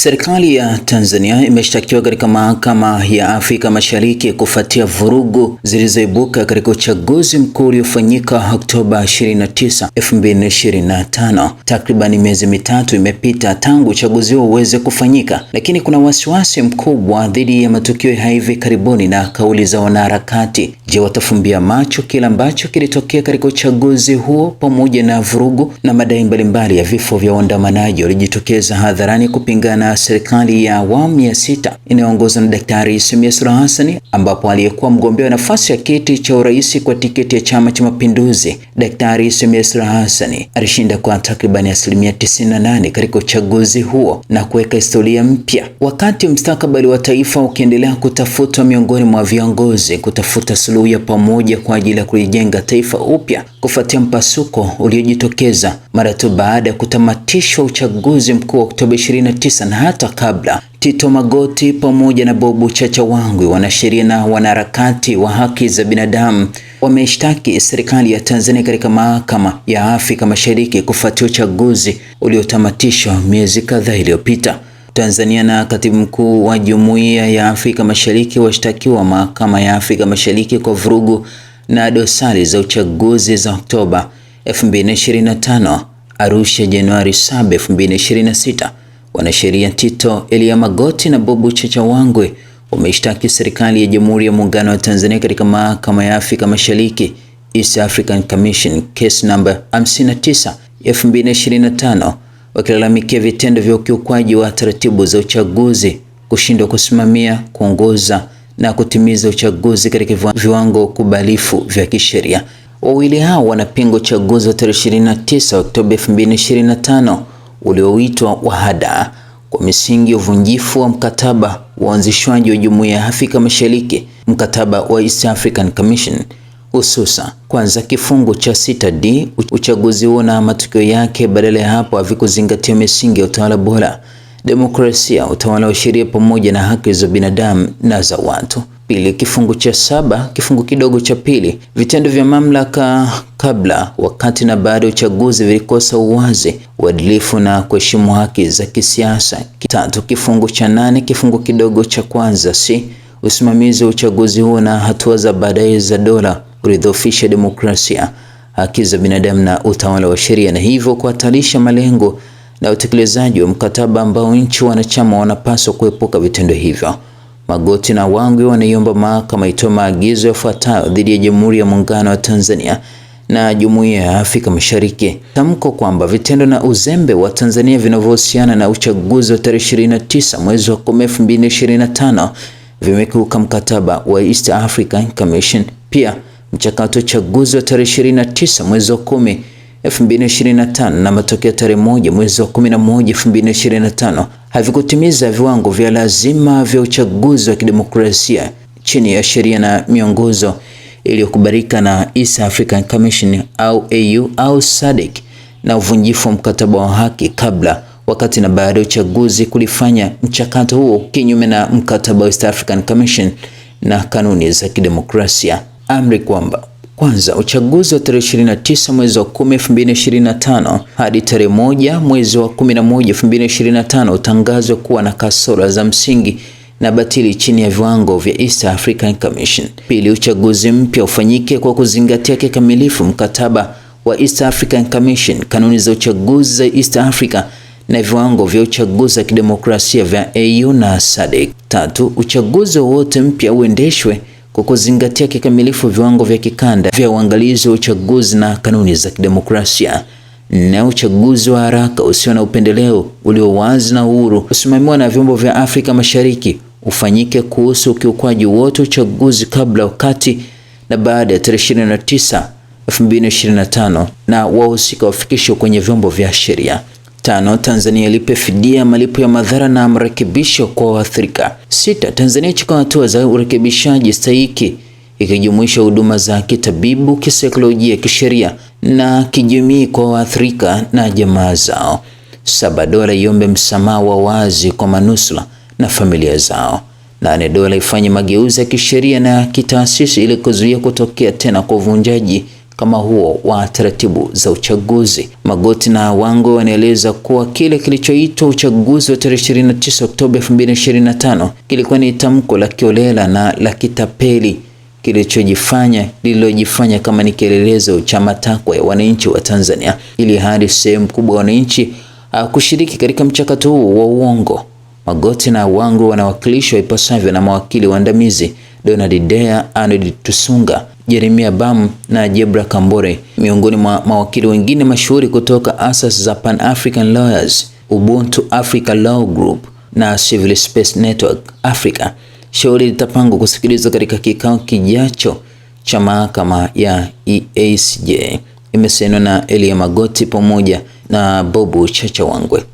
Serikali ya Tanzania imeshtakiwa katika mahakama ya Afrika Mashariki kufuatia vurugu zilizoibuka katika uchaguzi mkuu uliofanyika Oktoba 29, 2025. Takriban miezi mitatu imepita tangu uchaguzi huo uweze kufanyika, lakini kuna wasiwasi mkubwa dhidi ya matukio ya hivi karibuni na kauli za wanaharakati. Je, watafumbia macho kile ambacho kilitokea katika uchaguzi huo pamoja na vurugu na madai mbalimbali ya vifo vya waandamanaji walijitokeza hadharani kupingana serikali ya awamu ya sita inayoongozwa na Daktari Samia Suluhu Hassan, ambapo aliyekuwa mgombea wa nafasi ya kiti cha urais kwa tiketi ya Chama cha Mapinduzi, Daktari Samia Suluhu Hassan alishinda kwa takribani asilimia 98 katika uchaguzi huo na kuweka historia mpya, wakati mstakabali wa taifa ukiendelea kutafutwa miongoni mwa viongozi kutafuta suluhu ya pamoja kwa ajili ya kulijenga taifa upya kufuatia mpasuko uliojitokeza mara tu baada ya kutamatishwa uchaguzi mkuu wa Oktoba 29 hata kabla. Tito Magoti pamoja na Bobu Chacha Wangwe, wanasheria na wanaharakati wa haki za binadamu, wameshtaki serikali ya Tanzania katika mahakama ya Afrika Mashariki kufuatia uchaguzi uliotamatishwa miezi kadhaa iliyopita. Tanzania na katibu mkuu wa Jumuiya ya Afrika Mashariki washtakiwa mahakama ya Afrika Mashariki kwa vurugu na dosari za uchaguzi za Oktoba 2025, Arusha Januari 7, 2026. Wanasheria Tito Elia Magoti na Bobu Chacha Wangwe wameishtaki serikali ya Jamhuri ya Muungano wa Tanzania katika Mahakama ya Afrika Mashariki East African Commission case number 59 2025 wakilalamikia vitendo vya ukiukwaji wa taratibu za uchaguzi, kushindwa kusimamia, kuongoza na kutimiza uchaguzi katika viwango kubalifu vya kisheria. Wawili hao wanapinga uchaguzi wa tarehe 29 Oktoba 2025 ulioitwa Wahada kwa misingi ya uvunjifu wa mkataba wa uanzishwaji wa Jumuiya ya Afrika Mashariki, mkataba wa East African Commission, hususa kwanza kifungu cha 6d uchaguzi huo na matukio yake badala ya hapo havikuzingatia misingi ya utawala bora, demokrasia, utawala wa sheria, pamoja na haki za binadamu na za watu pili kifungu cha saba kifungu kidogo cha pili vitendo vya mamlaka kabla, wakati na baada ya uchaguzi vilikosa uwazi, uadilifu na kuheshimu haki za kisiasa. Tatu kifungu cha nane kifungu kidogo cha kwanza si usimamizi wa uchaguzi huo na hatua za baadaye za dola kuridhofisha demokrasia, haki za binadamu na utawala wa sheria, na hivyo kuhatarisha malengo na utekelezaji wa mkataba ambao nchi wanachama wanapaswa kuepuka vitendo hivyo. Magoti na Wangwe wanaiomba mahakama itoe maagizo yafuatayo dhidi ya Jamhuri ya Muungano wa Tanzania na Jumuiya ya Afrika Mashariki. Tamko kwamba vitendo na uzembe wa Tanzania vinavyohusiana na uchaguzi wa tarehe 29 mwezi wa 2025 vimekiuka mkataba wa East African Commission. Pia mchakato wa uchaguzi wa tarehe 29 mwezi wa kumi 2025 na matokeo tarehe moja mwezi wa 11 2025 havikutimiza viwango vya lazima vya uchaguzi wa kidemokrasia chini ya sheria na miongozo iliyokubalika na East African Commission au AU au SADC na uvunjifu wa mkataba wa haki kabla, wakati na baada ya uchaguzi kulifanya mchakato huo kinyume na mkataba wa East African Commission na kanuni za kidemokrasia. Amri kwamba kwanza, uchaguzi wa tarehe 29 mwezi wa 10 2025 hadi tarehe moja mwezi wa 11 2025 utangazwe kuwa na kasoro za msingi na batili chini ya viwango vya East African Commission. Pili, uchaguzi mpya ufanyike kwa kuzingatia kikamilifu mkataba wa East African Commission, kanuni za uchaguzi za East Africa na viwango vya uchaguzi wa kidemokrasia vya AU na SADC. Tatu, uchaguzi wowote mpya uendeshwe kwa kuzingatia kikamilifu viwango vya kikanda vya uangalizi wa uchaguzi na kanuni za kidemokrasia na uchaguzi wa haraka usio na upendeleo ulio wazi na uhuru usimamiwa na vyombo vya Afrika Mashariki ufanyike kuhusu ukiukwaji wote uchaguzi kabla, wakati na baada ya tarehe 29 2025 na wahusika wafikishwe kwenye vyombo vya sheria. Tano, Tanzania ilipe fidia malipo ya madhara na marekebisho kwa waathirika. Sita, Tanzania chukua hatua za urekebishaji stahiki ikijumuisha huduma za kitabibu, kisaikolojia, kisheria na kijamii kwa waathirika na jamaa zao. Saba, dola iombe msamaha wa wazi kwa manusula na familia zao. Nane, dola ifanye mageuzi ya kisheria na kitaasisi ili kuzuia kutokea tena kwa uvunjaji kama huo wa taratibu za uchaguzi. Magoti na Wango wanaeleza kuwa kile kilichoitwa uchaguzi wa tarehe 29 Oktoba 2025 kilikuwa ni tamko la kiolela na la kitapeli kilichojifanya lililojifanya kama ni kielelezo cha matakwa ya wananchi wa Tanzania, ili hadi sehemu kubwa ya wananchi hakushiriki ah, katika mchakato huu wa uongo. Magoti na Wango wanawakilishwa ipasavyo na mawakili waandamizi Donald Dea, Arnold Tusunga Jeremia Bam na Jebra Kambore, miongoni mwa mawakili wengine mashuhuri kutoka asasi za Pan African Lawyers, Ubuntu Africa Law Group na Civil Space Network Africa. Shauri litapangwa kusikilizwa katika kikao kijacho cha mahakama ya EACJ. Imesenwa na Elia Magoti pamoja na Bobu Chacha Wangwe.